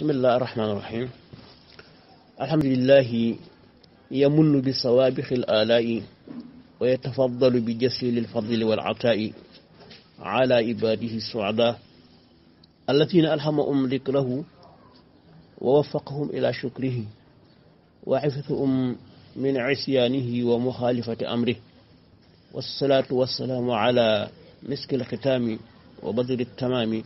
بسم الله الرحمن الرحيم الحمد لله يمن بصوابخ الآلاء ويتفضل بجسيل الفضل والعطاء على عباده السعداء الذين ألهمهم ذكره ووفقهم إلى شكره وعفتهم من عصيانه ومخالفة أمره والصلاة والسلام على مسك الختام وبدر التمام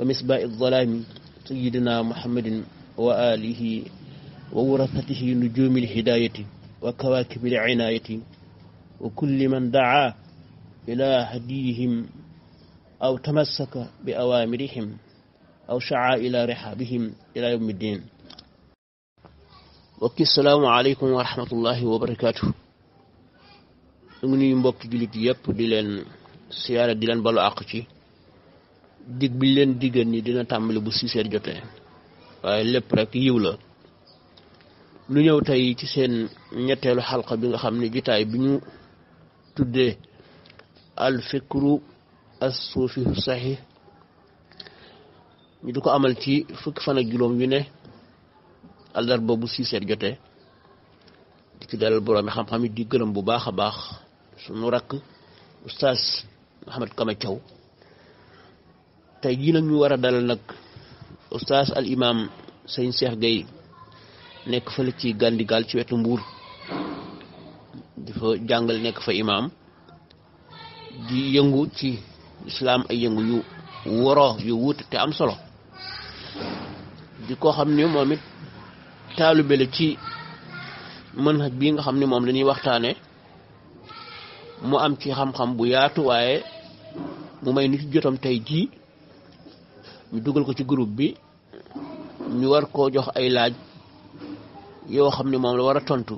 ومسباء الظلام سيدنا محمد وآله وورثته نجوم الهداية وكواكب العناية وكل من دعا إلى هديهم أو تمسك بأوامرهم أو شعى إلى رحابهم إلى يوم الدين وكي السلام عليكم ورحمة الله وبركاته أمني مبكي جلد يبدو دلان سيارة دلان بلو dig bi leen diggan nii dina tàmbali bu six heures jotee waaye lépp rek yiw la lu ñëw tey ci seen ñetteelu xalqa bi nga xam ne jitaay bi ñu tuddee al fikru as saxi ñu di ko amal ci fukki fan ak juróom yu ne àllarba bu six jotee di ci dalal boroomi xam-xam it di gërëm bu baax a baax suñu rakk oustaz Mouhamed Kama Thiaw tey jii nag ñu war a dalal nag oustaz al imam sëñ Cheikh Gueye nekk fële ci Gandigal ci wetu Mbuur di fa jàngal nekk fa imaam di yëngu ci islam ay yëngu yu woro yu wut te am solo di ko xam ne moom it taalibe la ci manhaj bi nga xam ni moom lañuy waxtaane mu am ci xam-xam bu yaatu waaye mu may ni ci jotam tey jii ñu dugal ko ci groupe bi ñu war koo jox ay laaj yoo xam ne moom la war a tontu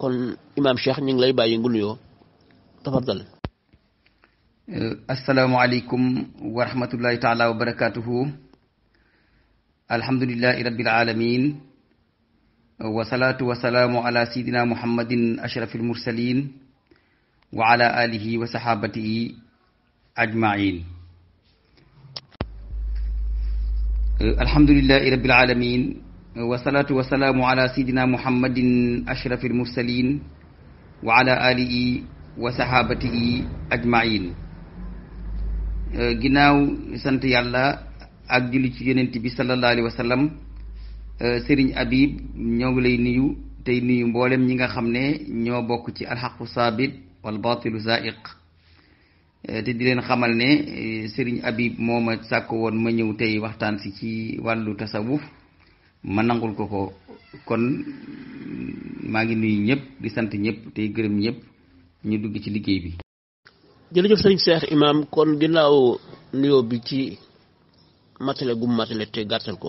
kon imam cheikh ñu ngi lay bàyyi ngu nuyoo tafadal asalaamualeykum wa rahmatullahi taala wa barakatuhu alhamdulilahi rabbil alamin والصلاة والسلام على سيدنا محمد أشرف المرسلين وعلى آله وصحابته أجمعين الحمد لله رب العالمين والصلاة والسلام على سيدنا محمد أشرف المرسلين وعلى آله وصحابته أجمعين جناو سنت يلا أجل تجين تبي صلى الله عليه وسلم سيرين أبيب نيوغلي نيو تي نيو مبولم خمني نيو بوكو الحق صابت والباطل زائق te eh, di leen xamal ne eh, Serigne Habib moo ma sàkk woon ma ñëw tey waxtaan si ci wàllu tasawuf ma nangul ko ko kon maa ngi nuyu ñëpp di sant ñëpp tey gërëm ñëpp ñu dugg ci liggéey bi. jërëjëf Serigne Cheikh Imaam kon ginnaaw nuyoo bi ci matale gum matale te gàttal ko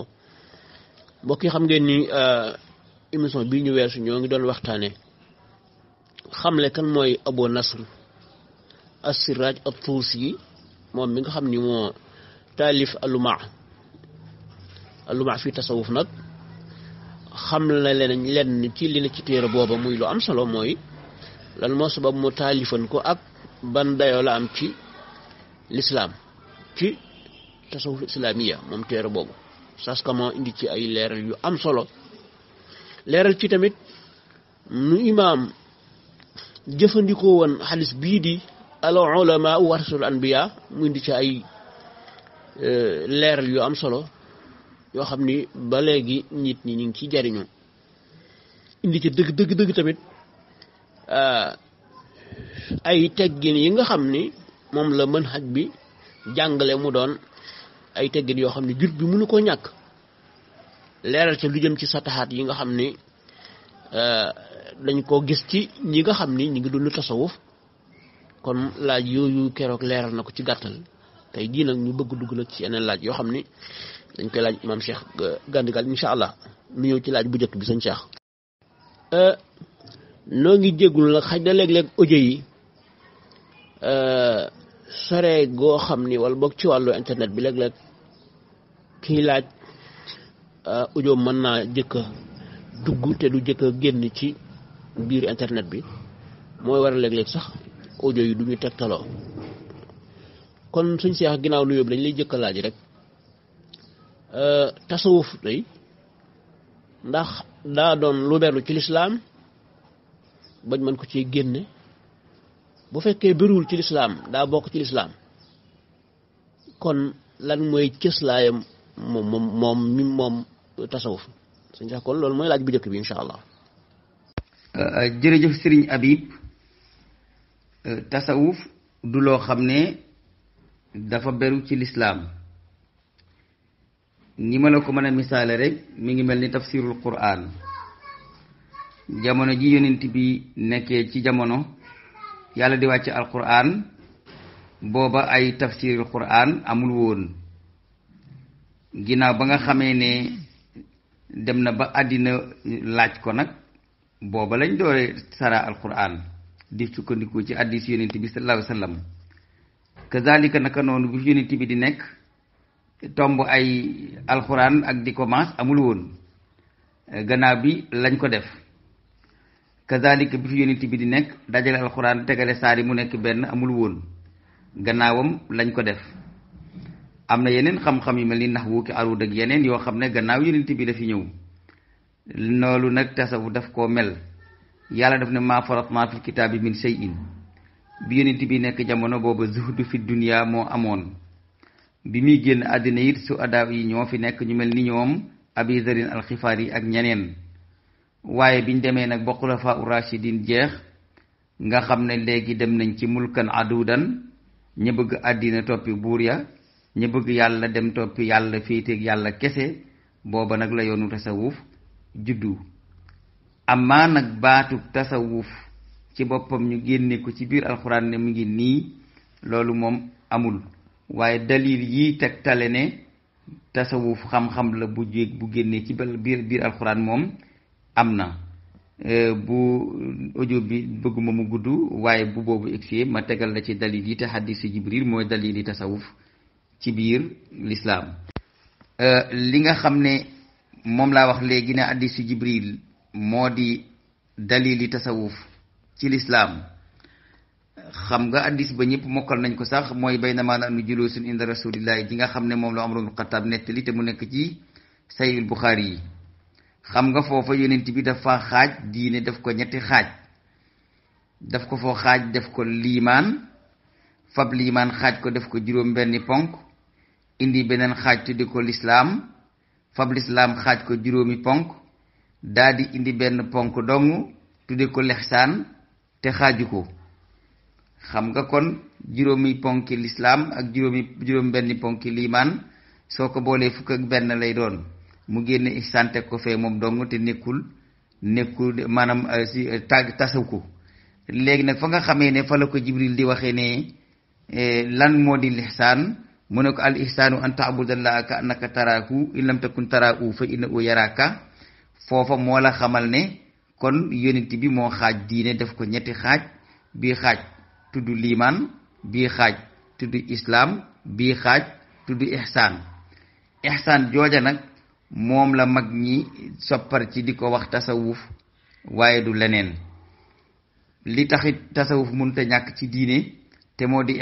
mbokk yi xam ngeen ni euh, émission bii ñu weesu ñoo ngi doon waxtaanee xamle kan mooy Abu Nasr. as-siraj at-tusi moom mi nga xam ni moo aluma aluma fi tasawuf nak xam la len len ci li ci tere boba muy lu am solo moy lan mo sabab mu talifan ko ak ban dayo la am ci l'islam ci tasawuf islamiya mom tere bobu sas ko mo indi ci ay leral yu am solo leral ci tamit nu Imam, jëfandikoo woon xalis bii di al ulama warasul anbiya mu indi ci ay e, leeral yu am solo yoo xam ni ba léegi nit ñi ñu ngi ciy jariñu indi ci dëgg dëgg dëgg tamit e, ay teggin yi nga xam ni moom la mën xaj bi jàngale mu doon ay teggin yoo xam ni jur bi mënu koo ñàkk leeral ca lu jëm ci sataxaat yi nga xam ni e, dañ koo gis ci ñi nga xam ni ñu ngi dund tasawuf kon laaj yooyu keroog leeral na ko ci gàttal tey jii nag ñu bëgg dugg nag ci yeneen laaj yoo xam ni dañ koy laaj imaam Cheikh Gandigal incha allah mu ñëw ci laaj bu njëkk bi sëñ Cheikh. Euh, noo ngi jégalu nag xaj na léeg-léeg audio yi euh, sore goo xam ni wala boog ci wàllu internet bi léeg-léeg kii laaj ojo euh, mën naa jëkk a dugg te du jëkk génn ci biir internet bi mooy war a léeg-léeg sax. audio yi du ñu tegtaloo kon suñ seex a ginnaaw nuyoo bi dañ lay jëkk laaj rek euh, tasawuf day ndax daa doon lu berlu ci lislaam bañ mën ko ci génne bu fekkee bëriwul ci lislaam daa bokk ci lislaam kon lan mooy cëslaayam moom moom moom mi moom tasawuf suñ seex kon loolu mooy laaj bu njëkk bi incha allah euh, jërëjëf sëriñ Habib Euh, tasawuf du lo xamne dafa beru ci l'islam ni ma la ko mën a rek mi ngi melni tafsirul quran jamono ji yonent bi nekké ci jamono yalla di al qur'an boba ay tafsirul quran amul woon ginaaw ba nga xamé ne dem na ba adina laaj ko nak boba lañ doore sara qur'an di sukkandiku ci addis yonent bi sallallahu alayhi wa sallam kazalika naka noonu bi yonent bi di nekk tomb ay alxuraan ak di commence amul woon eh, gannaaw bi lañ ko def kazalika bi fi yonent bi di nekk dajale alxuraan tegale saari mu nekk benn amul woon gannaawam lañ ko def am na yeneen xam-xam yu mel ni nax wuuki aruud ak yeneen yoo xam ne gannaaw yonent bi la fi ñëw loolu nag tasawu daf koo mel yàlla def ne maa faratna bi kitaabi min shay'in bi yonent bi nekk jamono boobu zuhdu fi dunya moo amoon bi muy génn àddina it su adaaw yi ñoo fi nekk ñu mel ni ñoom abi zarin alxifaar yi ak ñeneen waaye biñ demee nag ba xulafaa urashidin jeex nga xam ne léegi dem nañ ci mulkan adudan ña bëgg àddina toppi buur ya ña bëgg yàlla dem toppi yàlla féeteeg yàlla kese booba nag la yoonu tasawuf juddu amma nak batu tasawuf ci bopam ñu génne ko ci biir alquran ne mu ngi ni loolu moom amul waaye dalil yi tegtale ne tasawuf xam-xam la bu jéeg bu génnee ci biir biir alquran moom am na euh, bu audio bi ma mu gudd waaye bu boobu egsee ma tegal la ci dalil yi te xadisu jibril mooy dalil yi tasawuf ci biir linga euh, li nga xam ne moom laa wax léegi ne hadisu jibril modi dalili tasawuf ci l'islam xam nga hadith ba ñepp mokal nañ ko sax moy bayna na maana nu julusun inda rasulillah ji nga xamne mom la amrul net li te mu nek ci sayyid bukhari xam nga fofu yonent bi dafa xaj diine daf ko ñetti xaj daf ko fo xaj daf ko liman fab liman xaj ko daf ko juroom benn ponk indi benen xaj tuddi ko l'islam fab l'islam xaj ko juroomi ponk daldi indi benn ponk dong tudde ko lexsaan te xaaju ko xam nga kon juróomi ponki lislaam ak juróomi juróom benn ponki liimaan soo ko boolee fukk ak benn lay doon mu génne ihsaan teg ko fee moom dong te nekkul nekkul maanaam euh, si euh, tasaw ko léegi nag fa nga xamee ne fa la ko jibril di waxee ne eh, lan moo di lixsaan mu ne ko al ihsaanu an taabudallaha ka annaka taraahu in lam takun taraahu fa u yaraka foofa mualah la xamal ne kon yonent bi moo xaaj diine def ko ñetti xaaj bii xaaj tudd liimaan bii xaaj tudd islaam bii xaaj tudd ihsan ihsaan jooja nag moom la mag ñi soppar ci di ko wax tasawuf waaye du leneen li taxit tasawuf mënta ñàkk ci diine te moo di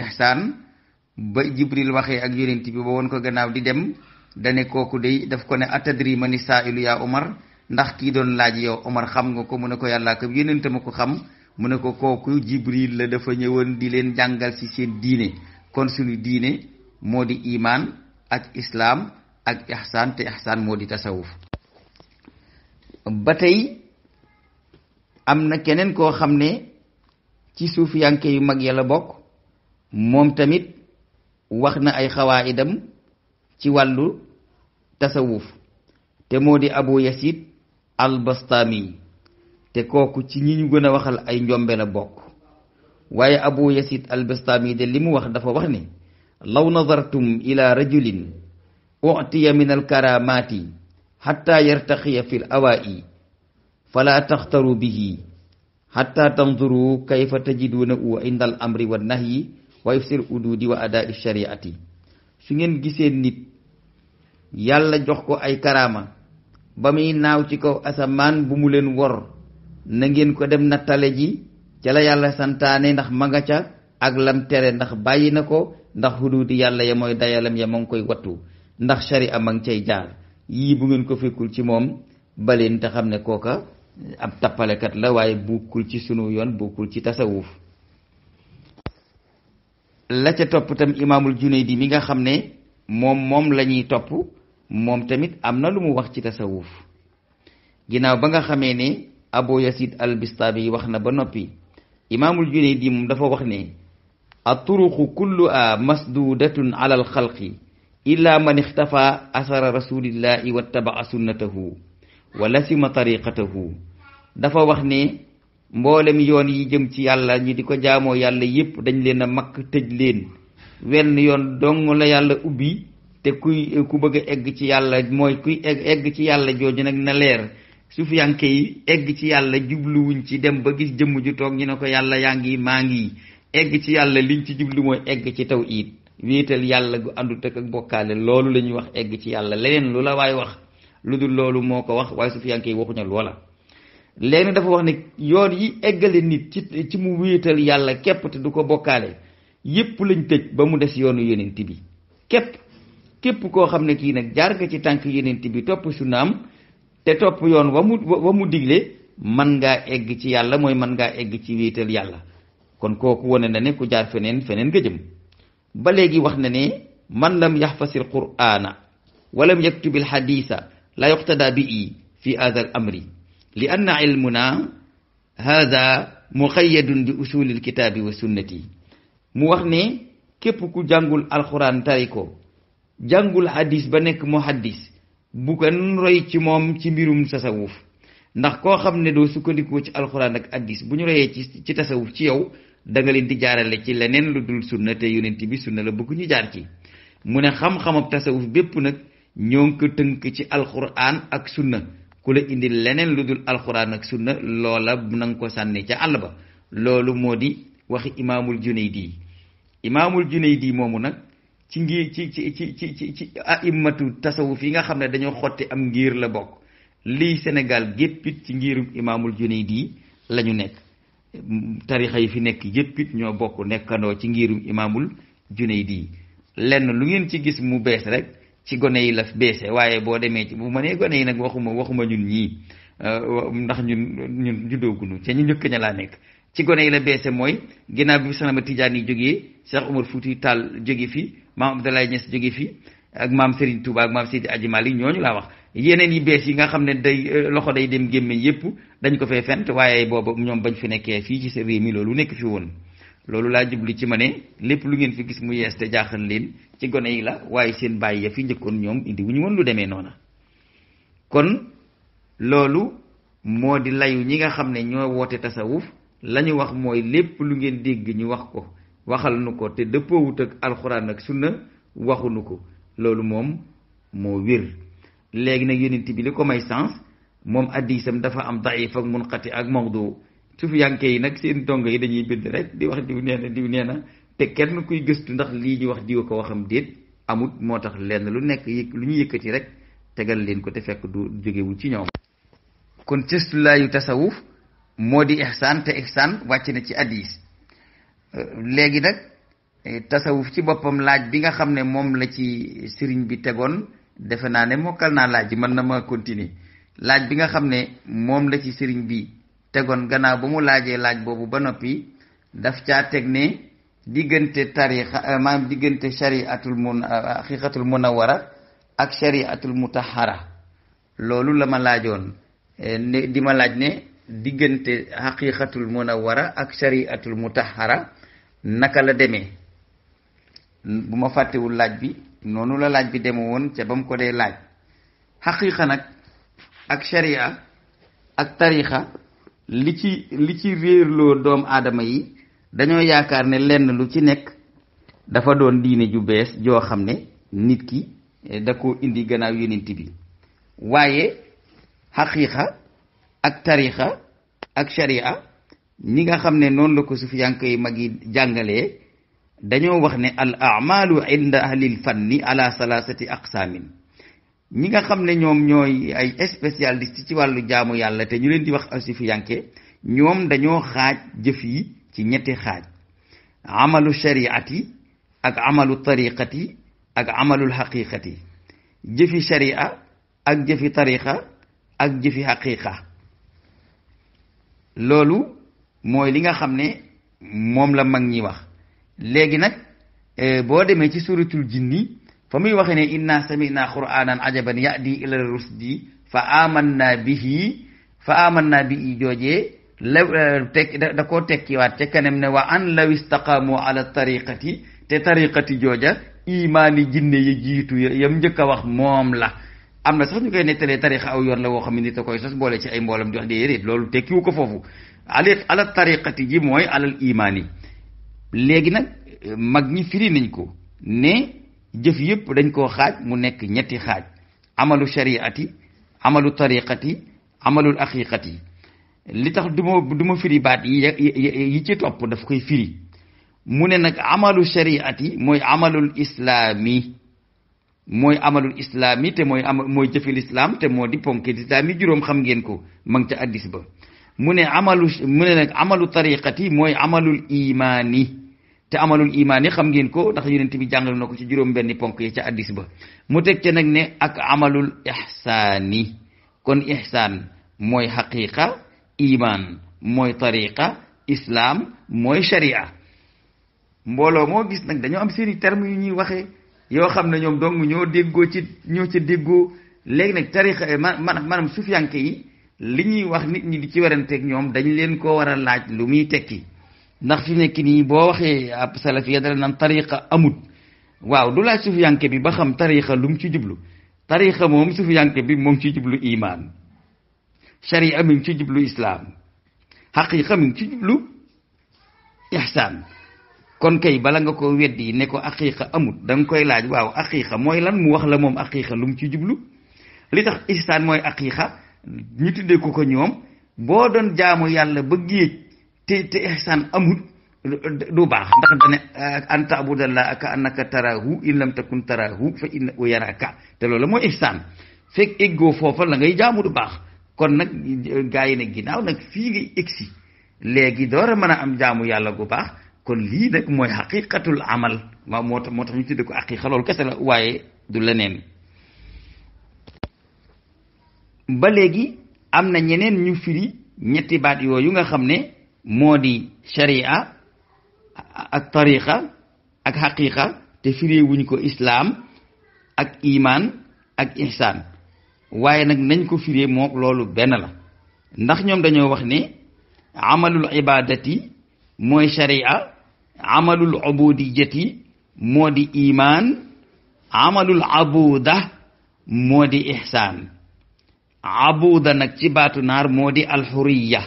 ba jibril waxee ak yonent bi ba woon ko gannaaw di dem dane kooku day daf ko ne atadri ilu umar ndax ki doon laaj yow omar xam nga ko mu ne ko yàlla ko yénente ma ko xam mu ne ko kooku jibril la dafa ñëwoon di leen jàngal ci seen diine kon suñu diine moo di iman ak islam ak ihsan te ihsan moo di tasawuf ba tey am na keneen koo xam ne ci yànke yu mag yàlla ya bokk moom tamit wax na ay xawaidam ci wàllu tasawuf te moo di abu yasid albastami te kooku ci ñi ñu gën a waxal ay njombe la bokk waaye abu yasid albastami de li mu wax dafa wax ne law nazartum ila rajulin utiya min alkaramati xatta yartaxiya fi l awaa'i fala taxtaru bihi xatta tanzuru kayfa tajiduna u inda al amri wa nahyi wa ifsir ududi wa adaa shariati su ngeen gisee nit yàlla jox ko ay karaama ba muy naaw ci kaw asamaan bu mu leen wor na ngeen ko dem nattale ji ca la yàlla santaane ndax ma nga ca ak lam tere ndax bàyyi na ko ndax xuduudi yàlla ya mooy dayalam ya ma ngi koy wattu ndax sharia ma ngi cay jaan yii bu ngeen ko fekkul ci moom baleen te xam ne kooka ab tappalekat la waaye bukkul ci sunu yoon bukkul ci tasawuf la ca topp tam imaamul Junaydi mi nga xam ne moom moom lañuy topp moom tamit am na lu mu wax ci tasawuf ginnaaw ba nga xamee ne abu yasid al wax na ba noppi imaamul di moom dafa wax ne aturuqu kulluha masdudatun ala al xalqi illa man ixtafa asara rasulillahi wattabaa sunnatahu wa lasima tariqatahu dafa wax ne mboolem yoon yi jëm ci yàlla ñi di ko jaamoo yàlla yépp dañ leen a makk tëj leen wenn yoon dong la yàlla ubbi te kuy ku bëgg egg ci yàlla mooy kuy egg egg ci yàlla jooju nag na leer sufiyanke yi egg ci yàlla jubluwuñ ci dem ba gis jëmm ju toog ñu ne ko yàlla yaa ngi maa ngi egg ci yàlla liñ ci jublu mooy egg ci taw iit wéetal yàlla gu te ak bokkaale loolu la ñuy wax egg ci yàlla leneen lu la waay wax lu dul loolu moo ko wax waaye sufiyanke yi waxuñu loola léegi dafa wax ne yoon yi eggale nit ci ci mu wéetal yàlla képp te du ko bokkaale yépp lañ tëj ba mu des yoonu yonent bi képp képp koo xam ne kii nag jaar nga ci tànk yenent bi topp sunnaam te topp yoon wa mu wa mu digle man ngaa egg ci yàlla mooy man ngaa egg ci wéetal yàlla kon kooku na ne ku jaar feneen feneen nga jëm ba léegi wax na ne man lam yaxfasil qur'ana walam yaktubil xadisa la yuqtada bii fi azal amri li anna ilmuna hada muqayyadun bi usuli alkitabi wa sunnati mu wax ne képp ku jàngul alquran tari jàngul xadis ba nekk mu xadis bu kenn roy ci moom ci mbirum tasawuf ndax koo xam ne doo sukkandikoo ci alxuraan ak xadis bu ñu royee ci ci tasawuf ci yow da nga leen di jaarale ci leneen lu dul sunna te yonent bi sunna la bëgg ñu jaar ci mu ne xam-xamab tasawuf bépp nag ñoo ngi ko tënk ci alxuraan ak sunna ku la indi leneen lu dul alxuraan ak sunna loola na nga ko sànni ca àll ba loolu moo di waxi imaamul Junaydi imaamul Junaydi moomu nag ci ngir ci ci ci ci a aimatu tasawuf fii nga xam ne dañoo xotti am ngiir la bokk lii senegal géppit ci ngirum imaamul Junayd la ñu nekk tarixa yi fi nekk yéppit ñoo bokk nekkandoo ci ngirum imaamul Junayd lenn lu ngeen ci gis mu bees rek ci gone yi la beese waaye boo demee ci bu ma nee gone yi nag waxuma waxuma ñun ñii euh, ndax ñun ñun juddooguñu te ñu njëkk ña laa nekk ci gone yi la beese mooy ginnaaw bi Seex Ahmad Tijaan yi jóge Cheikh Omar Fouti jóge fi maam Abdoulaye Niass jóge fi ak maam Serigne Touba ak maam Seydi Aji Malik ñooñu laa wax yeneen yi bees yi nga xam ne day euh, loxo day dem gémmeñ yépp dañ ko fee fent waaye booba ñoom bañ fi nekkee fii ci sa réew mi loolu nekk fi woon loolu laa jublu ci ma ne lépp lu ngeen fi gis mu yees te jaaxal leen ci gone yi la waaye seen bàyyi ya fi njëkkoon ñoom indi wu ñu woon lu demee noona kon loolu moo di layu ñi nga xam ne ñoo woote tasawuf la wax mooy lépp lu ngeen dégg ñu wax ko waxal nu ko te dëppoowut ak alxuraan ak sunna waxunu ko loolu moom moo wér léegi nag yonent bi li ko may sens moom addisam dafa am daif ak munqati ak mawdu yànke yi nag seen dongo yi dañuy bind rek di wax diw nee na diw nee na te kenn kuy gëstu ndax lii ñu wax diw ko waxam déet amut moo tax lenn lu nekk lu ñu yëkkati rek tegal leen ko te fekk du jógewu ci ñoom kon cëstulaayu tasawuf moo di ihsaan te ihsaan wàcc na ci addis léegi nag eh, tasawuf ci boppam laaj bi nga xam ne moom la ci sëriñ bi tegoon defe naa ne mokkal naa laaj bi mën na ma continuer laaj bi nga xam ne moom la ci sëriñ bi tegoon gannaaw ba mu laajee laaj boobu ba noppi daf caa teg ne diggante tarixa eh, maanaam diggante shariatul mun xaqiqatul eh, munawara ak shariatul mutahara loolu la ma laajoon ne di ma laaj ne diggante xaqiqatul munawara ak shariatul mutahara naka la demee bu ma fàttewul laaj bi noonu la laaj bi deme woon ca ba mu ko dee laaj xaqiiqa nag ak sharia ak tariixa li ci li ci réerloo doom aadama yi dañoo yaakaar ne lenn lu ci nekk dafa doon diine ju bees joo xam ne nit ki eh, da ko indi gannaaw yonent bi waaye xaqiiqa ak tariixa ak sharia ñi nga xam ne noonu la ko sufiyanke yi mag yi jàngale dañoo wax ne al amalu inda ahlil fanni ala salasati aqsaamin ñi nga xam ne ñoom ñooy ay spécialiste ci wàllu jaamu yàlla te ñu leen di wax a sufiyanke ñoom dañoo xaaj jëf yi ci ñetti xaaj amalu shariati ak amalu tariqati ak amalul xaqiqati jëfi sharia ak jëfi tariqa ak jëfi xaqiqa loolu moy li nga xamne mom la mag ñi wax legi nak euh, bo deme ci suratul jinni famuy waxe inna ne inna samina qur'anan ajaban ya'di ila rusdi fa amanna bihi fa amanna bi joje euh, tek da ko wat ci kanam ne wa an law istaqamu ala tariqati te tariqati joja imani jinne ya jitu ya, yam njëkk wax mom la amna sax ñu koy netale tariqa aw yor la wo xamni ne ci ay mbolam di wax tekki wu ko fofu ala ala tariqati ji mooy alal imaan yi léegi nag mag ñi firi nañ ko ne jëf yëpp dañ koo xaaj mu nekk ñetti xaaj amalu shariati amalu tariqati amalul aqiqati li tax du duma du firi baat yi yi ci topp daf koy firi mu ne nag amalu shariati mooy amalul islaami mooy amalul islaami te mooy am mooy jëfil islam te moo di ponk islaam yi juróom xam ngeen ko ma ngi ca addis ba mune amalu mune nak amalu tariqati moy amalul imani, te amalul imani, xam ngeen ko ndax yonent bi jangal nako ci juroom benni ponk ba mu tek ci nak ne ak amalul ihsani kon ihsan, moy haqiqa iman moy tariqa islam moy sharia mbolo mo gis nak dañu am seeni terme yu ñuy waxe yo xam ñom dong ñoo deggo ci ñoo ci deggo leg nak tariqa yi li ñuy wax nit ñi di ci waranteeg ñoom dañ leen koo war a laaj lu muy tekki ndax fi nekk nii boo waxee ab naan tariqa amut waaw du laaj sufiyanke bi ba xam tariqa lu mu ci jublu tariqa moom sufiyanke bi moom ci jublu iman sharia mi ngi ci jublu islam xaqiqa mi ci jublu ihsan kon kay bala nga ko weddi ne ko aqiqa amut da nga koy laaj waaw aqiqa mooy lan mu wax la moom aqiqa lu mu ci jublu li tax ihsan mooy aqiqa ñu tuddee ko ko ñoom boo doon jaamu yàlla ba géej te te ihsaan amul du baax ndax ne an taabudallah ka annaka taraahu in lam takun taraahu fa innahu yaraka te loolu mooy ihsaan fekk éggoo foofa la ngay jaamu du baax kon nag gaa yi ne ginnaaw nag fii ngay egsi léegi door a mën a am jaamu yàlla gu baax kon lii nag mooy xaqiqatul amal ma moo tax moo tax ñu tudde ko aqiqa loolu kese la waaye du leneen ba léegi am na ñeneen ñu firi ñetti baat yooyu nga xam ne moo di sharia ak tariqa ak xaqiqa te firee ko islaam ak imaan ak ihsaan waaye nag nañ ko firee mook loolu benn la ndax ñoom dañoo wax ne amalul ibadati mooy sharia amalul ubudiyati moo di imaan amalul abuda moo di ihsaan abuuda nag ci baatu naar moo di alxuriya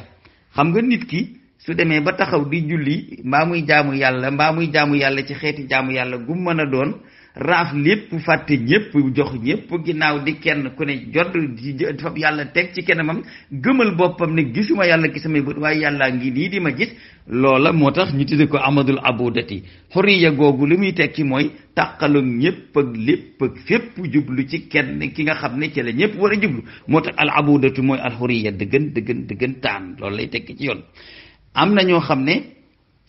xam nga nit ki su demee ba taxaw di julli mbaa muy jaamu yàlla mbaa muy jaamu yàlla ci xeeti jaamu yàlla gu mën a doon raaf lépp fàtte ñëpp jox ñëpp ginnaaw di kenn ku ne jot di fab yàlla teg ci kenn mam gëmal boppam ne gisuma yàlla ki samay bët waaye yàllaa ngi lii di ma gis loola moo tax ñu tudde ko amadul abudati xuriya googu li muy tekki mooy tàqalu ñëpp ak jublu ci kenn ki nga xam ne ci ñëpp war a moo tax al abudatu mooy al xuriya dëggan dëggan dëggan taan loolu lay tekki ci yoon am na ñoo xam ne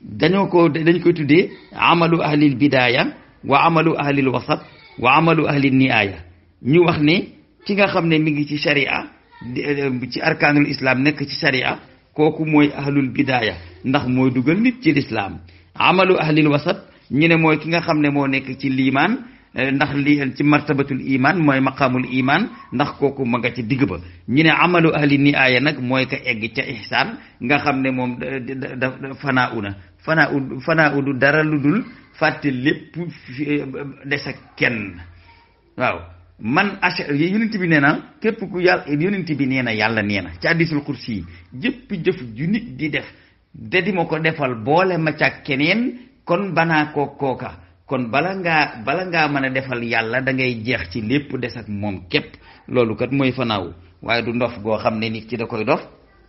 dañoo ko dañ koy tuddee amalu ahlil bidaaya wa amalu al wasat wa amalu ahli niaya ñu wax ni ki nga xamne ne mi ngi ci sharia eh, ci arkanul islam nek ci sharia koku moy ahlul bidaya ndax moy dugal nit ci l'islam amalu al wasat ñu ne mooy ki nga xamne mo nek ci liman eh, ndax li ci martabatul iman moy maqamul iman ndax koku ma nga ci digg ba ñu ne amalu ahli niaya nak moy ka egg ci ihsan nga xamne mom eh, fanauna fanaa una dara lepp eh, eh, de sa kenn waaw man ashe yonent bi neena kep ku yal yonent bi neena yalla neena ci hadithul kursi jep jef ju nit di def de di mako defal bole ma ca kenen kon bana ko koka kon bala balanga bala defal yalla da ngay jeex ci lepp des ak mom kep lolou kat moy fanaw waye du ndof go xamne nit ci da koy dof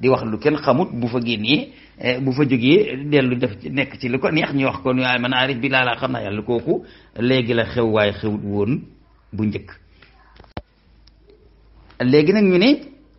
di wax lu ken xamut bu fa génnee eh, bu fa jógee delu def nek ci liko neex ñu wax kon waaye man arif bi laa laa xam naa la xew way xewut won bu njëkk léegi nak ñu ne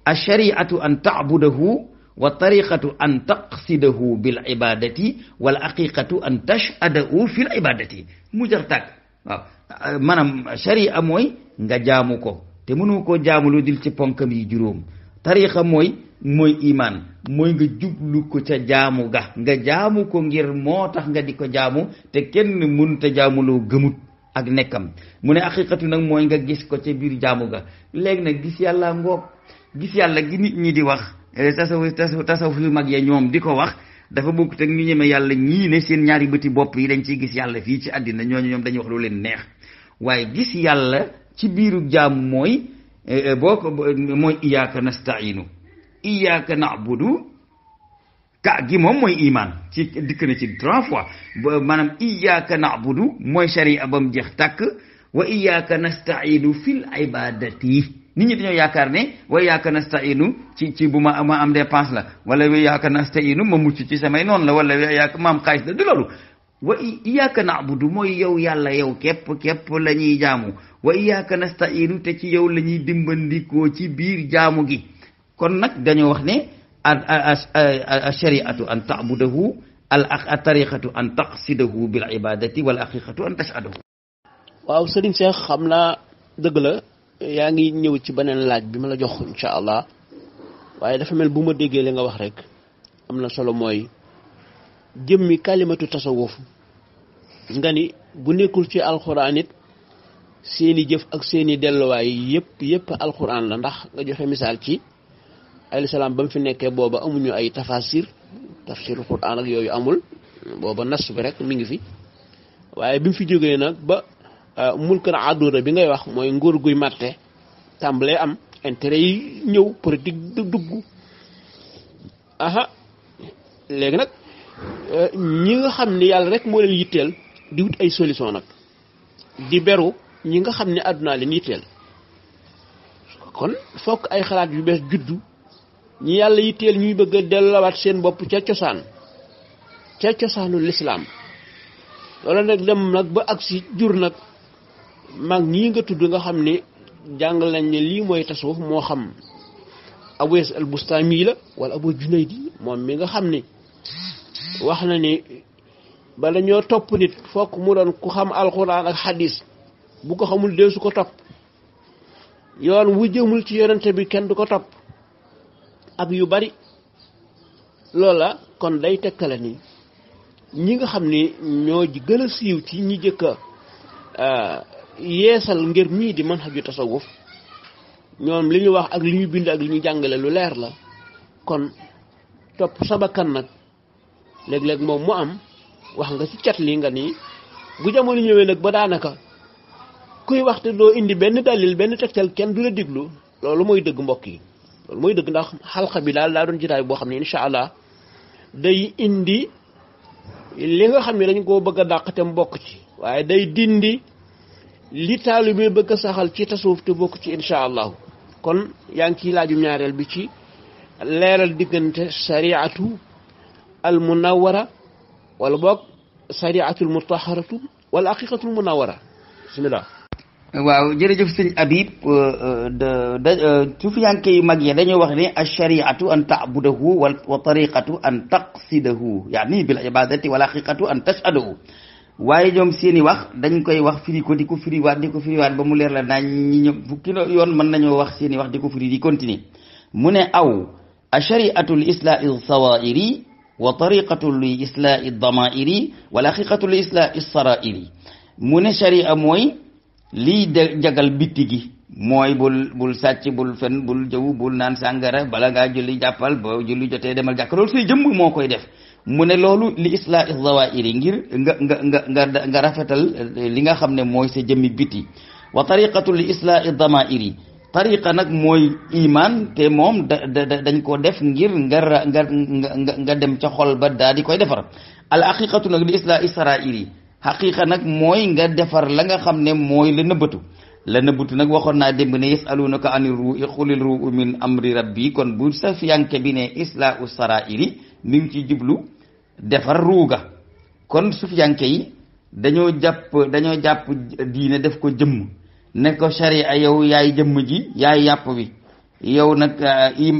ashariatu an taabudahu wa tariqatu an taqsidahu bil ibadati wal aqiqatu an tashadahu fil ibadati mu jar tak manam maanaam sharia mooy nga jaamu ko te munu ko jaamu lu dil ci ponkam yi juroom tariqa moy Moy iman moy nga djublu ko ca jaamu ga nga jaamu ko ngir motax nga diko jaamu te kenn jaamu lo gemut ak nekkam mune ne nak moy nga gis ko ca bir jaamu ga leg nak gis yalla ngok gis yalla gi nit ñi di wax tasaw eh, tasaw tasaw yu mag ya ñom diko wax dafa bokk teg ñu ñeme yalla ñi ne seen ñaari beuti bop yi dañ ci gis yalla fi ci adina ñoo ñom dañ wax lu leen neex waye gis yalla ci biru jaam moy eh, eh, boo ko mooy nastainu iyyaka kena ka kak gimo moy iman ci dikk na ci trois fois maanaam kena budu moy sharia abam jeh tak wa kena sta'inu fil ibadati nit ñi dañu yaakar ne way kena sta'inu ci ci buma ma ma am dépense la wala way kena sta'inu ma mucc ci samay non la wala wa yaaka ma am xaalis la du loolu wa kena budu moy yow yalla yow kep kep la jaamu wa kena sta'inu te ci yow la dimbandiko ci bir jaamu gi kon nak dañu wax ne asyariatu an tabudahu al tariqatu an taqsidahu bil ibadati wal aqiqatu an tashadahu waaw serigne cheikh xamna deug la yaa ngi ñëw ci benen laaj bi ma la jox inshallah allah dafa mel buma ma li nga wax rek amna solo moy jëmmi kalimatu tasawuf nga ni bu nekkul ci alquran it seeni jëf ak seeni delluwaay yépp yépp alquran la ndax nga joxe misal ci alayhi salaam ba mu fi nekkee booba amuñu ay tafasir tafsirul quran ak yooyu amul booba nas bi rek mi ngi fi waaye bi mu fi jógee nag ba euh, mulkan adura bi ngay wax mooy nguur guy màtte tàmbalee am intérêt yi ñëw politique dugg aha léegi nag euh, ñi nga xam ni yàlla rek moo leen yitteel di wut ay solution nag di beru ñi nga xam ne àddunaa leen yitteel kon fokk ay xalaat yu bees juddu ñi yàlla yi teel ñuy bëgg a delluwaat seen bopp ca cosaan ca cosaanu lislaam loolu nag dem nag ba ak si jur nag mag ñi nga tudd nga xam ne jàngal lañ ne lii mooy tasawuf moo xam abu yas al bustami la wala abu junaydi moom mi nga xam ni wax na ni bala ñoo topp nit fokk mu doon ku xam alquran ak xadis bu ko xamul deesu ko topp yoon wu jëmul ci yonente bi kenn du ko topp ak yu bari loolu la kon day tegtale ni ñi nga xam ni ñoo ji gën a siiw ci ñi jëkk a euh, yeesal ngir mii di man manhaju tasawuf ñoom li ñu wax ak li ñu bind ak li ñu jàngale lu leer la kon topp sabakan nag léeg-léeg moom mu am wax nga ci cat li nga nii bu jamono ñëwee nag ba daanaka kuy waxte doo indi benn dalil benn tegtal kenn du la diglu loolu mooy dëgg mbokk yi mooy dëgg ndax xalqa bi daal daa doon jotaay boo xam ne incha allah day indi li nga xam ne dañ koo bëgg a dàq te mbokk ci waaye day dindi li taalibe bëgg a saxal ci tasawuf te bokk ci incha allahu kon yaa ngi ciy laajum ñaareel bi ci leeral diggante sariatu al munawara wala boog sariatul mutaharatu wala aqiqatul munawara bismillah waaw jërëjëf sëñ Habib euh, euh, de da euh, sufiyanke yu mag yi dañoo wax ne alchariatu an taabudahu wa tariqatu an taqsidahu yaani bil ibadati wala xaqiqatu an tashadahu waaye ñoom seeni wax dañ koy wax firi ko di ko firiwaat di ko ba mu leer la naañ ñi ñoom fukki yoon mën nañoo wax seeni wax di ko firi di continuer mu ne aw alchariatu li islaahi sawairi wa tariqatu li islaahi damairi wala xaqiqatu li islaahi sarairi mu ne sharia mooy li jagal biti gi moy bul bul sàcc bul fen bul jow bul nan sangara bala ga julli jappal bo julli jote demal jàkk loolu say jëmm moo koy def mu ne loolu li islaa zawairi ngir nga nga nga nga nga rafetal eh, li nga xamne moy mooy jëmi biti wa tariqatu li islaa dhamairi tariqa nak moy iman te moom da dañ ko def ngir nga nga nga nga dem ci xol ba daa di koy defar al aqiqatu nak li islaa sara'iri xaqiqa nag mooy nga defar la nga xam ne mooy la nëbbatu la nëbbatu nag waxoon naa démb ne yasalunaka ani ruu'i qulil ruu'u min amri rabbi kon bu saf bi ne islaau sarairi ni ngi ci jublu defar ruuga kon sufiyanke yi dañoo jàpp dañoo jàpp diine def ko jëmm ne ko sharia yow yaay jëmm ji yaay yàpp wi yow nag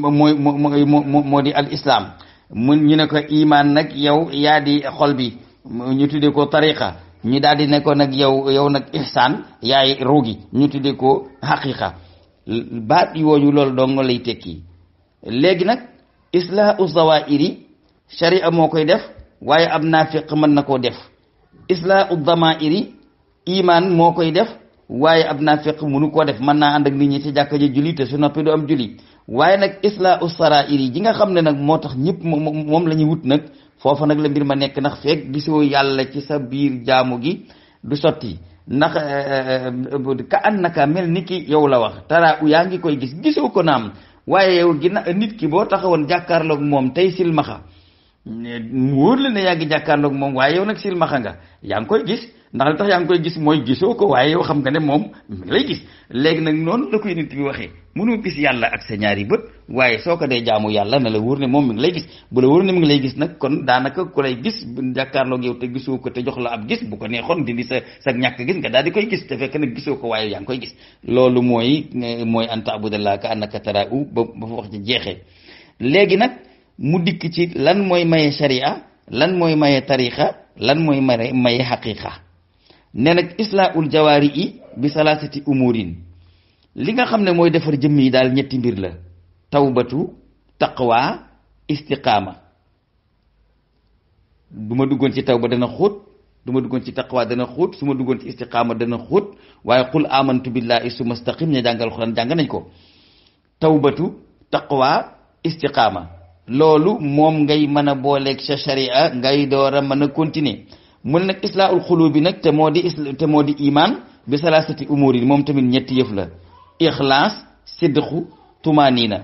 mooy moo moo moo di al islam mun ñu ne ko iman nag yow yaadi di xol bi ñu tuddee ko tariqa ñi daal di ne ko nag yow yow nag ihsaan yaay ruugi ñu tuddee ko haqiqa baat yooyu loolu dong lay tekki léegi nag islaahu zawairi sharia moo koy def waaye ab naafiq mën na koo def islaahu damairi imaan moo koy def waaye ab naafiq munu koo def man naa ànd ak nit ñi ci jàkka ji julli te su noppi du am julli waaye nag islaahu sarairi ji nga xam ne nag moo tax ñëpp moom la wut nag foofu nag la mbir ma nekk ndax fekk gisoo yàlla ci sa biir jaamu gi du sotti ndax eh, eh, eh, ka an naka mel ni ki yow la wax tara yaa ngi koy gis gisoo ko naam waaye gi gina nit ki boo taxawoon jàkkaarloog moom tey silmaxa mu wóor la ne yaa ngi jàkkaarloog moom waaye yow nag silmaxa nga yaa ngi koy gis ndax li tax yang koy gis moy gisoko ko yow xam nga ne mom lay gis leg nak non la koy nit bi waxe munu gis yalla ak sa ñaari beut waye soko day jaamu yalla na la wóor ne mom lay gis bu la wóor ne mi lay gis nak kon danaka ku lay gis jàkkaarloog yow te gisoko te jox la ab gis bu ko neexoon dindi sa sa ñak gis nga dal di koy gis te fek nak gisoko ko yang koy gis lolu moy eh, moy anta abdullah ka annaka tara'u ba wax ci jeexee legi nak mu dik ci lan moy maye sharia lan moy maye tariqa lan moy maye maye Nenek nag islaul jawaari i bi salasati umurin li nga xamne moy defar jëmm yi ñetti mbir la tawbatu taqwa istiqama. duma duggon ci tawba dana xóot duma duggon ci taqwa dana xóot suma duggon ci istiqama dana xóot waya qul amantu billahi sumastaqim ne jangal quran jang nañ ko tawbatu taqwa istiqama. lolu mom ngay mën a booleeg sa sharia ngay doora a continuer mu ne nag islaahul xuluub bi nag te moo di te moo di iman bi salaasati umuur yi moom tamit ñetti yëf la ixlaas sidqu tumaaniina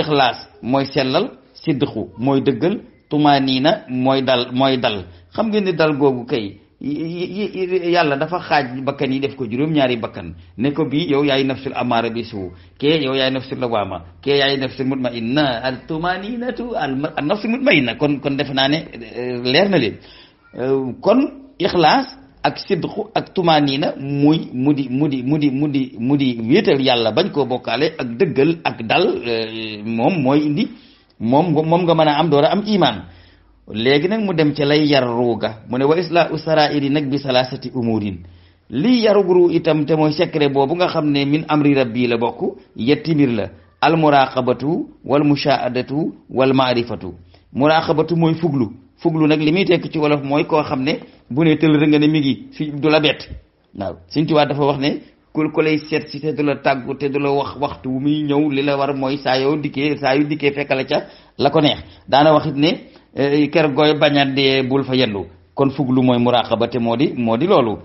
ixlaas mooy sellal sidqu mooy dëggal tumaaniina mooy dal mooy dal xam ngeen ni dal googu kay yàlla dafa xaaj bakkan yi def ko juróom-ñaari bakkan ne ko bii yow yaay nafsul amaara bi suu kee yow yaay nafsul lawaama kee yaay nafsul mutmainna al tumaninatu al nafsul mutmainna kon kon defe naa ne leer na leen Euh, kon ikhlas, ak sidqu ak tumanina muy mudi mudi mudi mudi mudi wetal yalla bagn ko bokale ak deugal ak dal euh, mom moy indi mom mom nga meuna am dora am iman legi neng mu dem ci lay yar ruuga mune wa isla sarairi nak bi salasati umurin li yarugru itam te moy secret bobu nga xamne min amri rabbi la bokku yettimir la al muraqabatu wal mushaadatu wal ma'rifatu muraqabatu moy fuglu fuglu nak limi tek ci wolof moy ko xamne bu ne tël nga ne mi ngi fi du la bet waaw seigne tubaab dafa wax ne kul kulay set ci te du la tàggu te du la wax waxtu wu mi ñew li la war moy sa yoo dikke sa yu dikke fek la ca la ko neex na waxit ne eh, ker bañat de bul fa yellu kon fuglu moy muraqaba te modi modi lolu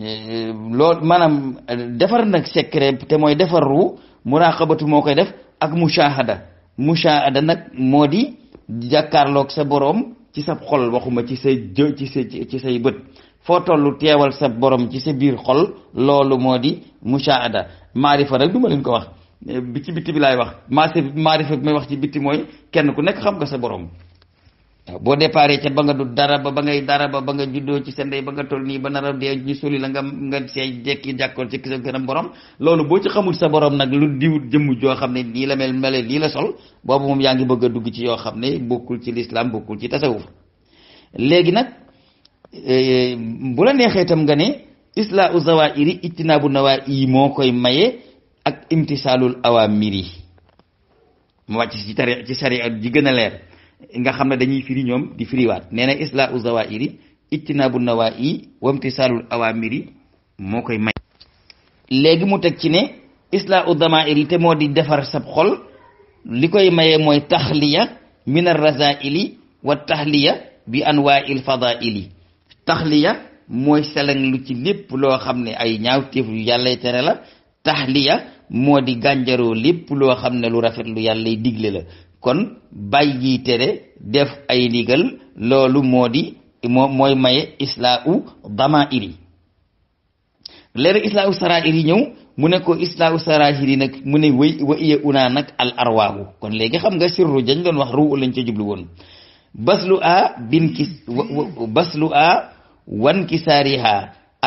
eh, lo manam defar nak secret te defar ru muraqabatu mokay def ak mushahada mushahada nak modi jakarlok sa borom ci sa xol waxuma ci say jë ci sa ci say bët foo toll teewal sa borom ci sa biir xol loolu moo di mushaahada maarifa nag du ma leen ko wax eh, bi ci bitti bi laay wax maas maarifa bi may wax ci bitti mooy kenn ku nekk xam nga sa borom bo déparé ci ba nga du dara ba ba ngay dara ba ba nga juddoo ci day ba nga tol ni ba raw dee ñu suli la nga nga ay jekki jakkol ci kisa kanam borom lolu bo ci xamul sa borom nak lu diwut jëm jo xam ne la mel melé li la sol bobu mom yaangi bëgg a dugg ci yo xam bokul ci l'islam bokul ci tasawuf légui nak eh, bu la nexé tam nga né islau zawairi ittinabu nawai mo koy mayé ak imtisalul awamiri mo wacc ci tari ci sari ji gën a nga xam ne dañuy firi ñoom di firiwaat nee na islaau zawairi ijtinaabu nawaayi wamtisaalul awamiri moo koy may léegi mu teg ci ne islaau damairi te moo di defar sab xol li koy mayee mooy taxliya min arrazaili wa taxliya bi anwail fadaili taxliya mooy seleng lu ci lépp loo xam ne ay ñaawteef yu yàllay tere la taxliya moo di gànjaroo lépp loo xam ne lu rafet lu yàllay digle la kon bàyyi tere def ay ndigal loolu moo mooy maye islaahu damairi léegi islaahu sarairi ñëw mu ne ko islaahu sarairi nag mu ne wéy wa al arwaahu kon léegi xam nga sirru jañ doon wax ruu lañ ca jublu woon baslu a bin kis baslu a wan kisaariha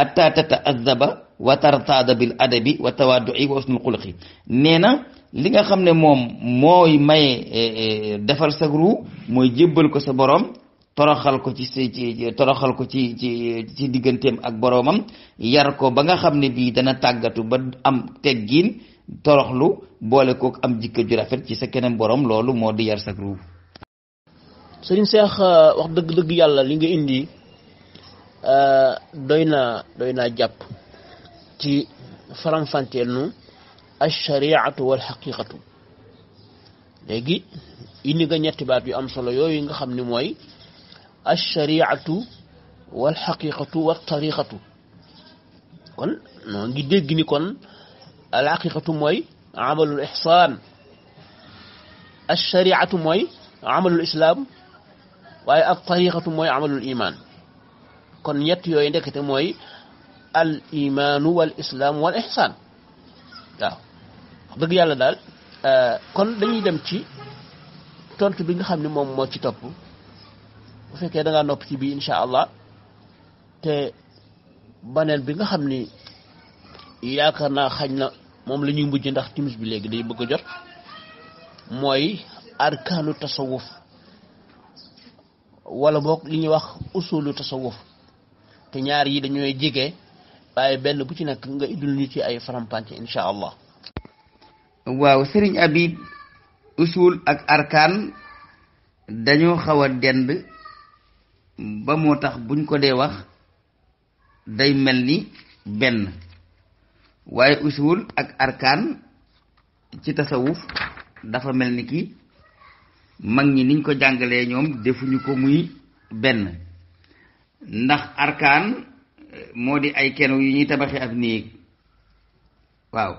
atta azzaba wa tartada bil adabi wa tawaddu'i wa usnul khulqi neena li nga xamne mom moy may maye eh, eh, defar sa gru moy ko sa borom toroxal ko ci ci toroxal ko ci ci ci ak boromam yar ko ba nga xamne bi dana tagatu ba am teggin toroxlu boole ko am jikko ju rafet ci sa kenen borom lolou mo di yar sa gru sëriñ cheikh eh, wax deug deug yalla li nga indi euh doyna doyna japp ci faramfanteel nu alchariatu wal xaqiqatu léegi indi nga ñetti baat yu am solo yooyu nga xam ni mooy alchariatu wal xaqiqatu wal tariqatu kon noo ngi dégg ni kon al xaqiqatu mooy amalul ixsaan alchariatu mooy amalul islaam waaye al tariqatu mooy amalul imaan kon ñetti yooyu ndekete mooy al imaanu wal islaam wal ihsaan waaw wax yàlla daal euh, kon dañuy dem ci tontu bi nga xam ne moom moo ci topp bu fekkee da nopp ci bii incha allah te baneen bi nga xam ni yaakaar naa xañ na moom la ñuy mujj ndax timis bi léegi day bëgg a jot mooy arkaanu tasawuf walla boog li ñuy wax usulu tasawuf te ñaar yi dañooy jege waaye benn bu ci nekk nga idul nit ci ay farampanc insha allah waaw sëriñ abib usul ak arkan dañoo xaw a dend ba moo tax buñ ko dee wax day mel ni benn waaye usul ak arkan ci tasawuf dafa mel ni ki mag ñi niñ ko jàngalee ñoom defuñu ko muy benn ndax arkan moo di ay kenu yu ñuy tabaxi ab néeg waaw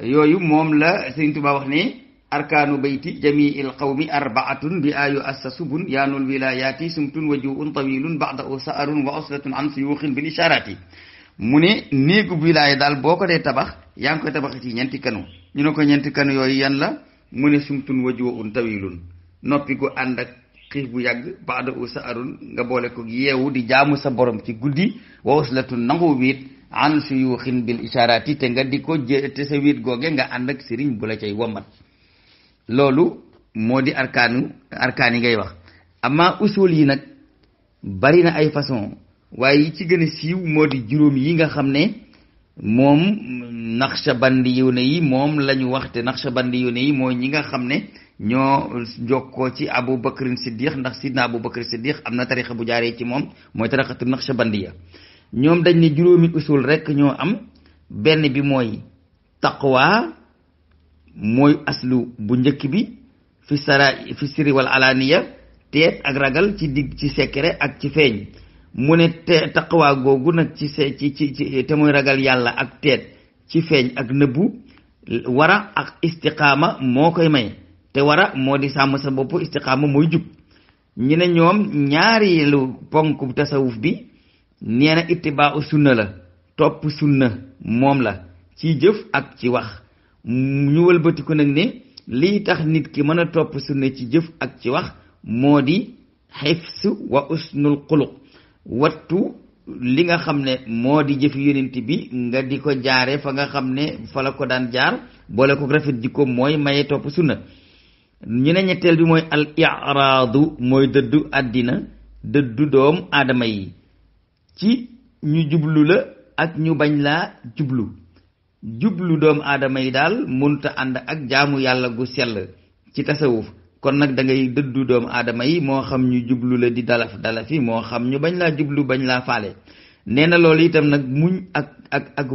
yooyu moom la Sëriñ Tuubaa wax ne arkaanu bayti jamiil qawmi arbaatun bi ayu assasu bun yaanul wilayaati sumtun wajuun tawilun baxda u saarun wa oslatun an suyuuxin bil ishaaraati mu ne néegub wilaaya daal boo ko dee tabax yaa ngi koy tabax ci ñenti kanu ñu ne ko ñeenti kanu yooyu yan la mu ne sumtun wajuun tawilun noppi gu ànd xif bu yàgg baada arun nga boole ko yeewu di jaamu sa borom ci guddi wa waslatu nangu wiit an suyuxin bil isharati te nga di ko te sa wiit googe nga ànd ak sëriñ bu la cay womat loolu moo di arkaanu ngay wax amma usul yi nag bari na ay façon waaye yi ci gën a siiw moo di juróom yi nga xam ne moom naqshabandi yu ne yi moom lañu wax te yi mooy ñi nga xam ne ñoo jokko ci abu bakrin siddiq ndax sidna abu bakrin siddiq amna na bu jaare ci mom moy tarixatu naqshabandiya ñom dañ ni juroomi usul rek ñoo am benn bi moy taqwa moy aslu bu njëkk bi fi sara fi siri wal alaniya teet ak ragal ci dig ci secret ak ci feñ mu ne taqwa gogu nak ci ci ci te moy ragal yalla ak teet ci feñ ak nebu wara ak istiqama mo koy may te wara moo di sàmm sa bopp istiqaama mooy jub ñu ne ñoom lu ponku tasawuf bi nee na ittibaa sunna la topp sunna moom la ci jëf ak ci wax ñu wëlbati ko nag ne lii tax nit ki mën a topp sunna ci jëf ak ci wax moo di wa usnul xuluq wattu li nga xam ne moo di jëfi yonent bi nga di ko jaare fa nga xam ne fa la ko daan jaar boole ko rafet jikko mooy maye topp sunna ñu ne ñetteel bi mooy al iraadu mooy dëdd àddina dëddu doom aadama yi ci ñu jublu la ak ñu bañ laa jublu jublu doom aadama yi daal mënta ànd ak jaamu yàlla gu sell ci tasawuf kon nag da ngay dëddu doom aadama yi moo xam ñu jublu la di dalaf dalafi moo xam ñu bañ laa jublu bañ laa faale nee na loolu itam nag muñ ak ak ak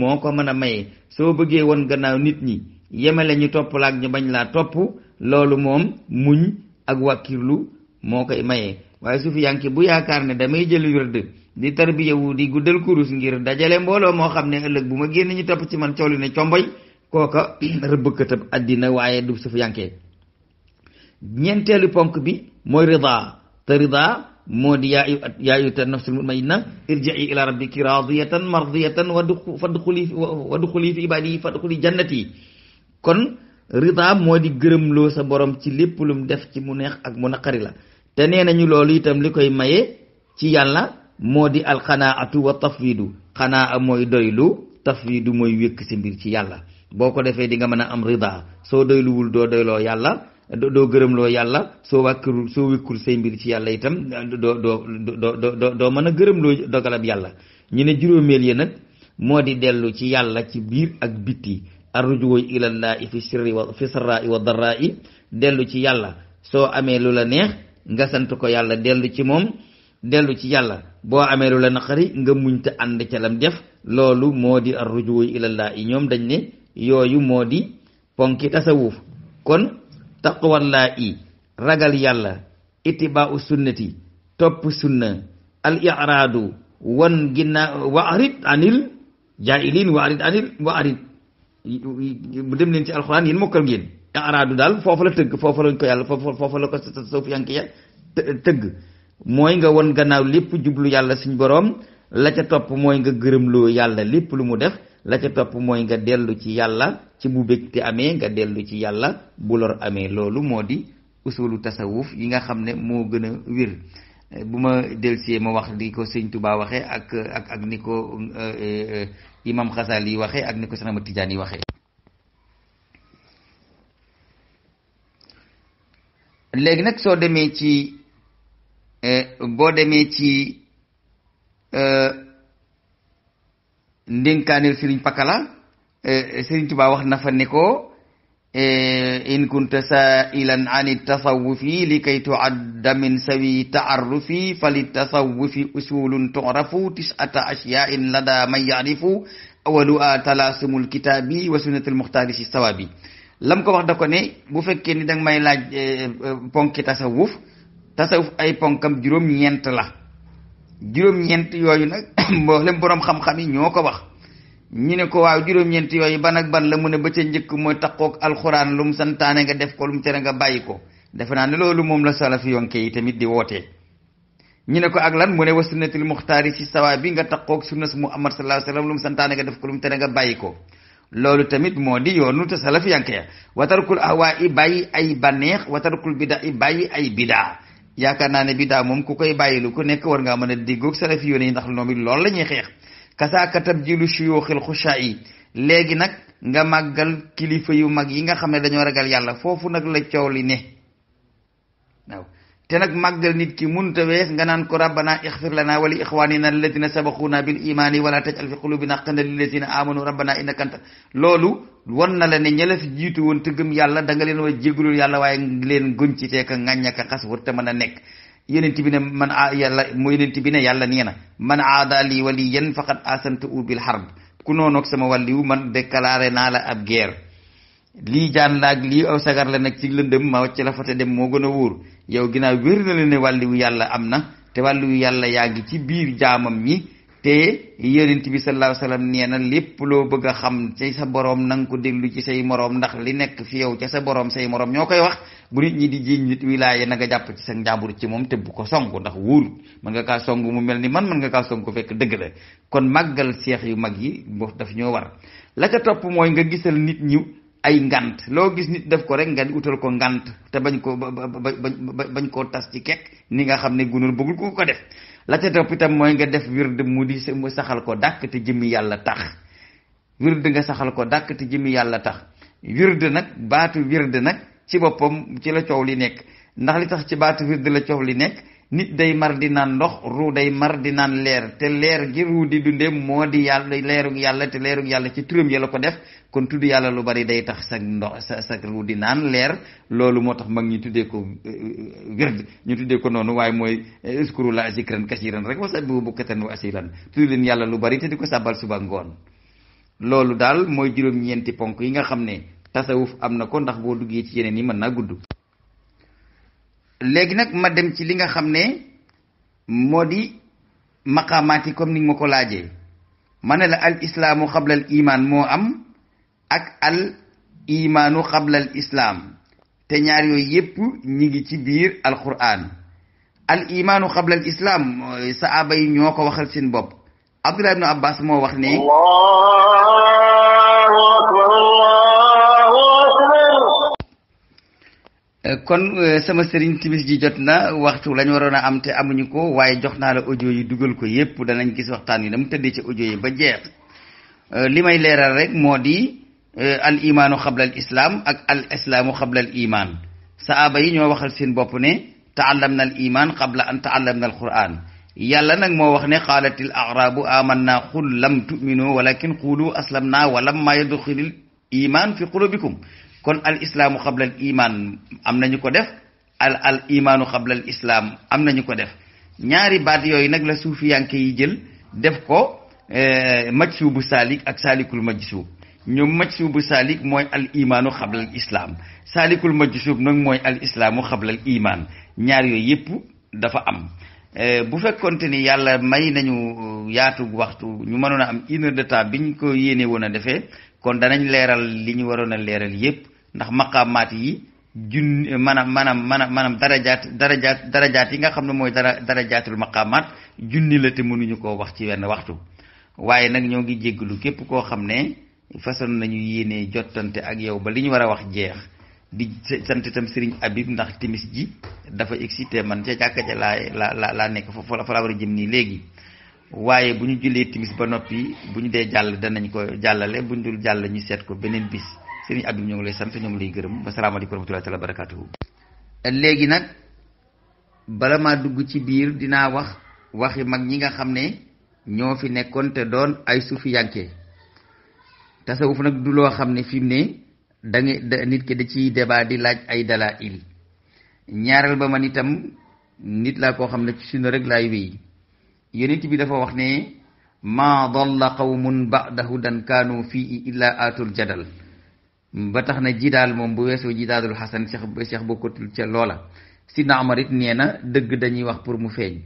moo ko mën a maye soo bëggee woon gannaaw nit ñi yemale ñu topp la ak ñu bañ laa topp loolu moom muñ ak wàkkirlu moo koy maye waaye sufi fi yanki bu yaakaar ne damay jël di wu di guddal kurus ngir dajale mbooloo moo xam ne ëllëg bu ma génn ñu topp ci man coolu ne comboy kooka rëbbëkkatab addina waaye du sufi fi yankee ñeenteelu ponk bi mooy rida te rida moo di yaa yaa yuta nafsul wadukulif irjii ila rabbiki radiyatan mardiyatan wa dukhuli wa dukhuli fi ibadi wadukulif fa jannati kon rida moo di gërëmloo sa boroom ci lépp lum def ci mu neex ak mu naqari la te nee nañu loolu itam li koy mayee ci yàlla moo di alxanaa alqanaatu wa tafwidu xanaa mooy doylu tafwidu mooy wékk si mbir ci yàlla boo ko defee di nga mën a am rida soo doyluwul doo doyloo yàlla doo gërëm loo yàlla soo wàkkirul soo wékkul say mbir ci yàlla itam doo doo doo doo mën a gërëm gërëmloo dogalab yàlla ñu ne juróomeel yi nag moo di dellu ci yàlla ci biir ak bitti arrujuwu ila llahi fi sirri wa fi sarra'i wa dharra'i dellu ci yàlla soo amee lu la neex nga sant ko yàlla dellu ci mom delu ci yàlla boo amee lu naqari nga muñ te ànd lam def loolu moo di arrujuwu ila llahi ñoom dañ ne yooyu moo di ponki tasawuf kon taqwallahi ragal yàlla itiba'u sunnati topp sunna al i'radu wan ginna wa anil jailin wa anil wa bu dem leen ci alxuraan yéen mokkal ngeen araadu daal foofa la tëgg foofa lañ ko yàlla foofa foofa la ko suufiyanke ya tëgg mooy nga won gannaaw lépp jublu yàlla suñ boroom la ca topp mooy nga gërëmloo yàlla lépp lu mu def la ca topp mooy nga dellu ci yàlla ci bu bégte amee nga dellu ci yàlla bu lor amee loolu moo di usulu tasawuf yi nga xam ne moo gën a wér eh, bu ma delsee ma wax li ko sëñ Tuubaa waxee ak ak ak ni ko eh, eh, imam Xasali yi waxee ak ni ko sanama Tijaan yi waxee léegi nag soo demee ci eh, boo demee ci eh, ndénkaaneel Sëriñ Pakala eh, Sëriñ Tuubaa wax na fa ne إن كنت سائلا عن التصوف لكي تعد من سوي تعرفي فللتصوف أصول تعرف تسعة أشياء لدى من يعرف أولها تلاسم الكتاب وسنة المختار الصوابي لم كو واخ داكو ني بو فكي ني داك آه، آه، تصوف تصوف اي بونكم جروم نينت لا جروم نينت يوي نا مبلم بروم خام خامي ñi ne ko waaw juróom-ñeenti yooyu ban ak ban la mu ne ba ca njëkk mooy lu santaane nga def ko lu mu tere nga bàyyi ko defe naa ne loolu moom la salafi yonke yi tamit di wote ñi ne ko ak lan mu ne wa sunnatil muxtaari si sawa bi nga taqoog sunnas muhammad sallallahu wasallam lu mu santaane nga def ko lu mu tere nga bàyyi ko loolu tamit moo di yoonu te salaf yanke ya wa tarkul ahwaa bàyyi ay bànneex wa tarkul bida i bàyyi ay bidaa yaakaar naa ne bidaa moom ku koy bàyyi lu ku nekk war ngaa mën a diggoog salaf yoon yi ndax loolu kasaaka tabjilu shuyuuxil xushaa yi léegi nag nga màggal kilifa yu mag yi nga xam ne dañoo ragal yàlla foofu nag la coow li ne waaw te nag màggal nit ki munta wees nga naan ko rabbana ixfir lana wali ixwanina alladina sabaquuna bil imani wala tajal fi qulubina xana lilladina amanu rabbana innaka anta loolu won na la ne ña la fi jiitu woon te gëm yàlla da nga leen war a yàlla waaye leen gën ci teeka ŋàññaka xas wër te mën a nekk yeneen bi ne man a yàlla mu yenent bi ne yàlla nee na man aada li waliyan faqad asantu bil harb ku noonoog sama wàlliwu man déclaré naa la ab guerre lii jaan laag lii aw sagar la nag ci lëndëm ma wàcc la fa te dem moo yow ginnaaw wér na la ne yàlla am na te wàlliwu yàlla yaa ci biir jaamam ñi te yenent bi sallallahu alayhi wasallam na lépp loo bëgg a xam ci sa boroom na nga ko déglu ci say moroom ndax li nekk fi yow ca sa boroom say moroom ñoo koy wax bu nit ñi di jiñ nit wilaya na nga japp ci sa njàmbur ci mom te bu ko songu ndax wul man nga ka songu mu melni man man nga ka songu fekk deug la kon magal cheikh yu mag yi daf ñoo war la ca top moy nga gisal nit ñi ay ngant logis gis nit def ko rek nga utal ko ngant te bañ ko bañ ko tas ci kek ni nga xamne gunul bëggul ko ko def la ca top itam moy nga def wird mu di mu saxal ko dak te jëmi yalla tax wird nga saxal ko dak te jëmi yalla tax wird nak baatu wird nak ci boppam ci la coow li nekk ndax li tax ci baatu wird la coow li nekk nit day mar di naan ndox ruu day mar di naan leer te leer gi ruu di dunde moo di yàlla leerug yàlla te leerug yàlla ci turam ya la ko def kon tudd yàlla lu bari day tax sa ndox sa sa di naan leer loolu moo tax mag ñi tuddee ko euh, wird ñu tuddee ko noonu waaye mooy uskuru euh, la zikran kasiran rek wasabbihu bukratan wa asilan tudd leen yàlla lu bari te di ko sàbbal suba ngoon ponk yi nga xam ne tasawuf amna ko ndax bo duggé ci yeneen yi man na gudd légui nak ma dem ci li nga xamné modi maqamati comme ni ma ko laajee la al islam qabla al iman mo am ak al iman qabla al islam té ñaar yoy yépp ñi ngi ci biir qur'an al iman qabla al islam saaba yi ñoko waxal seen bop abdullah ibnu abbas mo wax ne kon euh, sama sëriñ timis ji jot na waxtu lañu waroon a am te amuñu ko waaye jox naa la audio yi dugal ko yépp danañ gis waxtaan wi dama tëddee ci audio ba jeex euh, li may leeral rek moo di euh, al imaanu xabla al islaam ak al islaamu xabla al imaan saaba yi ñoo waxal seen bopp ne taallam na al imaan xabla an taallam na al quraan yàlla nag moo wax ne qaalatil arabu amanna qul lam tuminu walakin qulu aslamna walamma yadxilil imaan fi qulubikum kon al islaamu xabla al iman am nañu ko def al al imaanu xabla islaam am nañu ko def ñaari baat yooyu nag la suufiyanke yi jël def ko eh, majsuubu saalik ak saalikul majsuub ñoom majsuubu saalik mooy al imaanu xabla islaam saalikul majsuub nag mooy al islaamu xabla al ñaar yooyu yépp dafa am eh, bu fekkonte ni yàlla may nañu uh, yaatu waxtu ñu mënoon a am une heure de temps biñ ko yéene woon a defee kon danañ leeral li ñu waroon a leeral yépp ndax maqamat yi jun manam manam manam manam darajat darajat darajat yi nga xamne moy dara darajatul maqamat junni la te munuñu ko wax ci wenn waxtu waye nak ñoo ngi jégglu képp ko xamne fason nañu yéné jottante ak yow ba liñu wara wax jeex di sant tam serigne abib ndax timis ji dafa excité man ci jakka ja la la la nek fa fa la wara jëm ni legi waye buñu julé timis ba nopi buñu dé jall nañ ko jallalé buñ dul jall ñu sét ko benen bis sëriñ abdou ñu ngi lay sant ñu ngi lay gërëm wasalaamaaleykum rahmatullahi taala barakatuhu léegi nag bala maa dugg ci biir dinaa wax waxi mag ñi nga xam ne ñoo fi nekkoon te doon ay suufiyanke tasawuf nag du loo xam fi mu da nga nit ki da ciy débat di laaj ay dala il ñaareel ba man itam nit laa koo xam ne ci sunna rek laay wéy yonent bi dafa wax ne ma dalla qawmun ba'dahu dan kaanu fi illa atul jadal ba tax na jidaal moom bu weesoo jidaadul xasan cheikh cheikh bokkatul ca loola si amar it nee na dëgg dañuy wax pour mu feeñ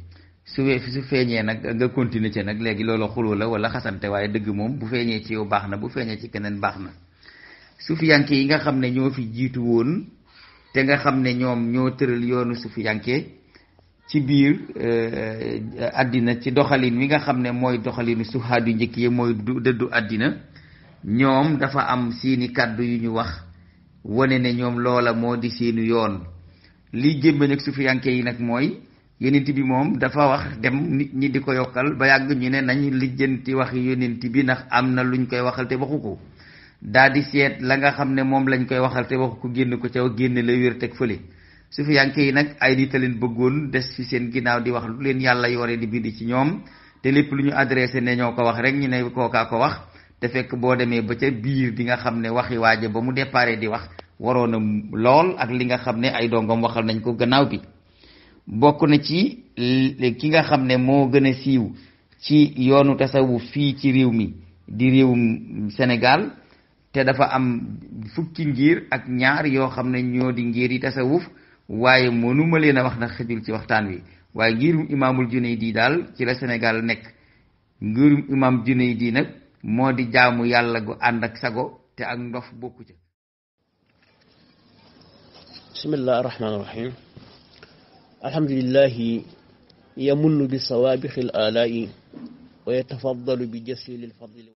su su feeñee nag nga continuer ca nag léegi loolu xuloo la wala xasante waaye dëgg moom bu feeñee ci yow baax na bu feeñee ci keneen baax na sufiyanke yi nga xam ne ñoo fi jiitu woon te nga xam ne ñoom ñoo tëral yoonu sufiyanke ci biir euh, àddina ci doxalin wi nga xam ne mooy doxalinu suhaadu njëkk yi mooy du dëddu àddina ñoom dafa am seeni kaddu yu ñu wax wone ne ñoom loola moo di seenu yoon li jëmbe nag sufiyanke yi nag mooy yonent bi moom dafa wax dem nit ñi di ko yokkal ba yàgg ñu ne nañ lijjanti wax yonent bi ndax am na luñ koy waxal te waxu ko daa di seet la nga xam ne moom lañ koy waxal te waxu ko génn ko caw génn la wér teg fële sufiyanke yi nag ay nit leen bëggoon des fi seen ginnaaw di wax lu leen yàlla yore di bind ci ñoom te lépp lu adressé ne ñoo ko wax rek ñu ne ko wax te fekk boo demee ba ca biir di nga xam ne waxi waaja ba mu déparé di wax waroon na lool ak li nga xam ne ay dongom waxal nañ ko gannaaw bi bokk na ci ki nga xam ne moo gën a siiw ci yoonu tasawuf fii ci réew mi di réewum Sénégal te dafa am fukki ngir ak ñaar yoo xam ne ñoo di ngir yi tasawuf waaye mënuma leen a wax na xëjul ci waxtaan wi waaye ngirum imaamul Junaydi daal ci la Sénégal nekk ngirum imaam Junaydi nag moo di jaamu yàlla gu ànd ak sago te ak ndof bokku ca bismillahi arrahmani irrahim alhamdulillahi yamunnu bi sawaabixi al alaa'i wa yatafaddalu bi jasili lfadli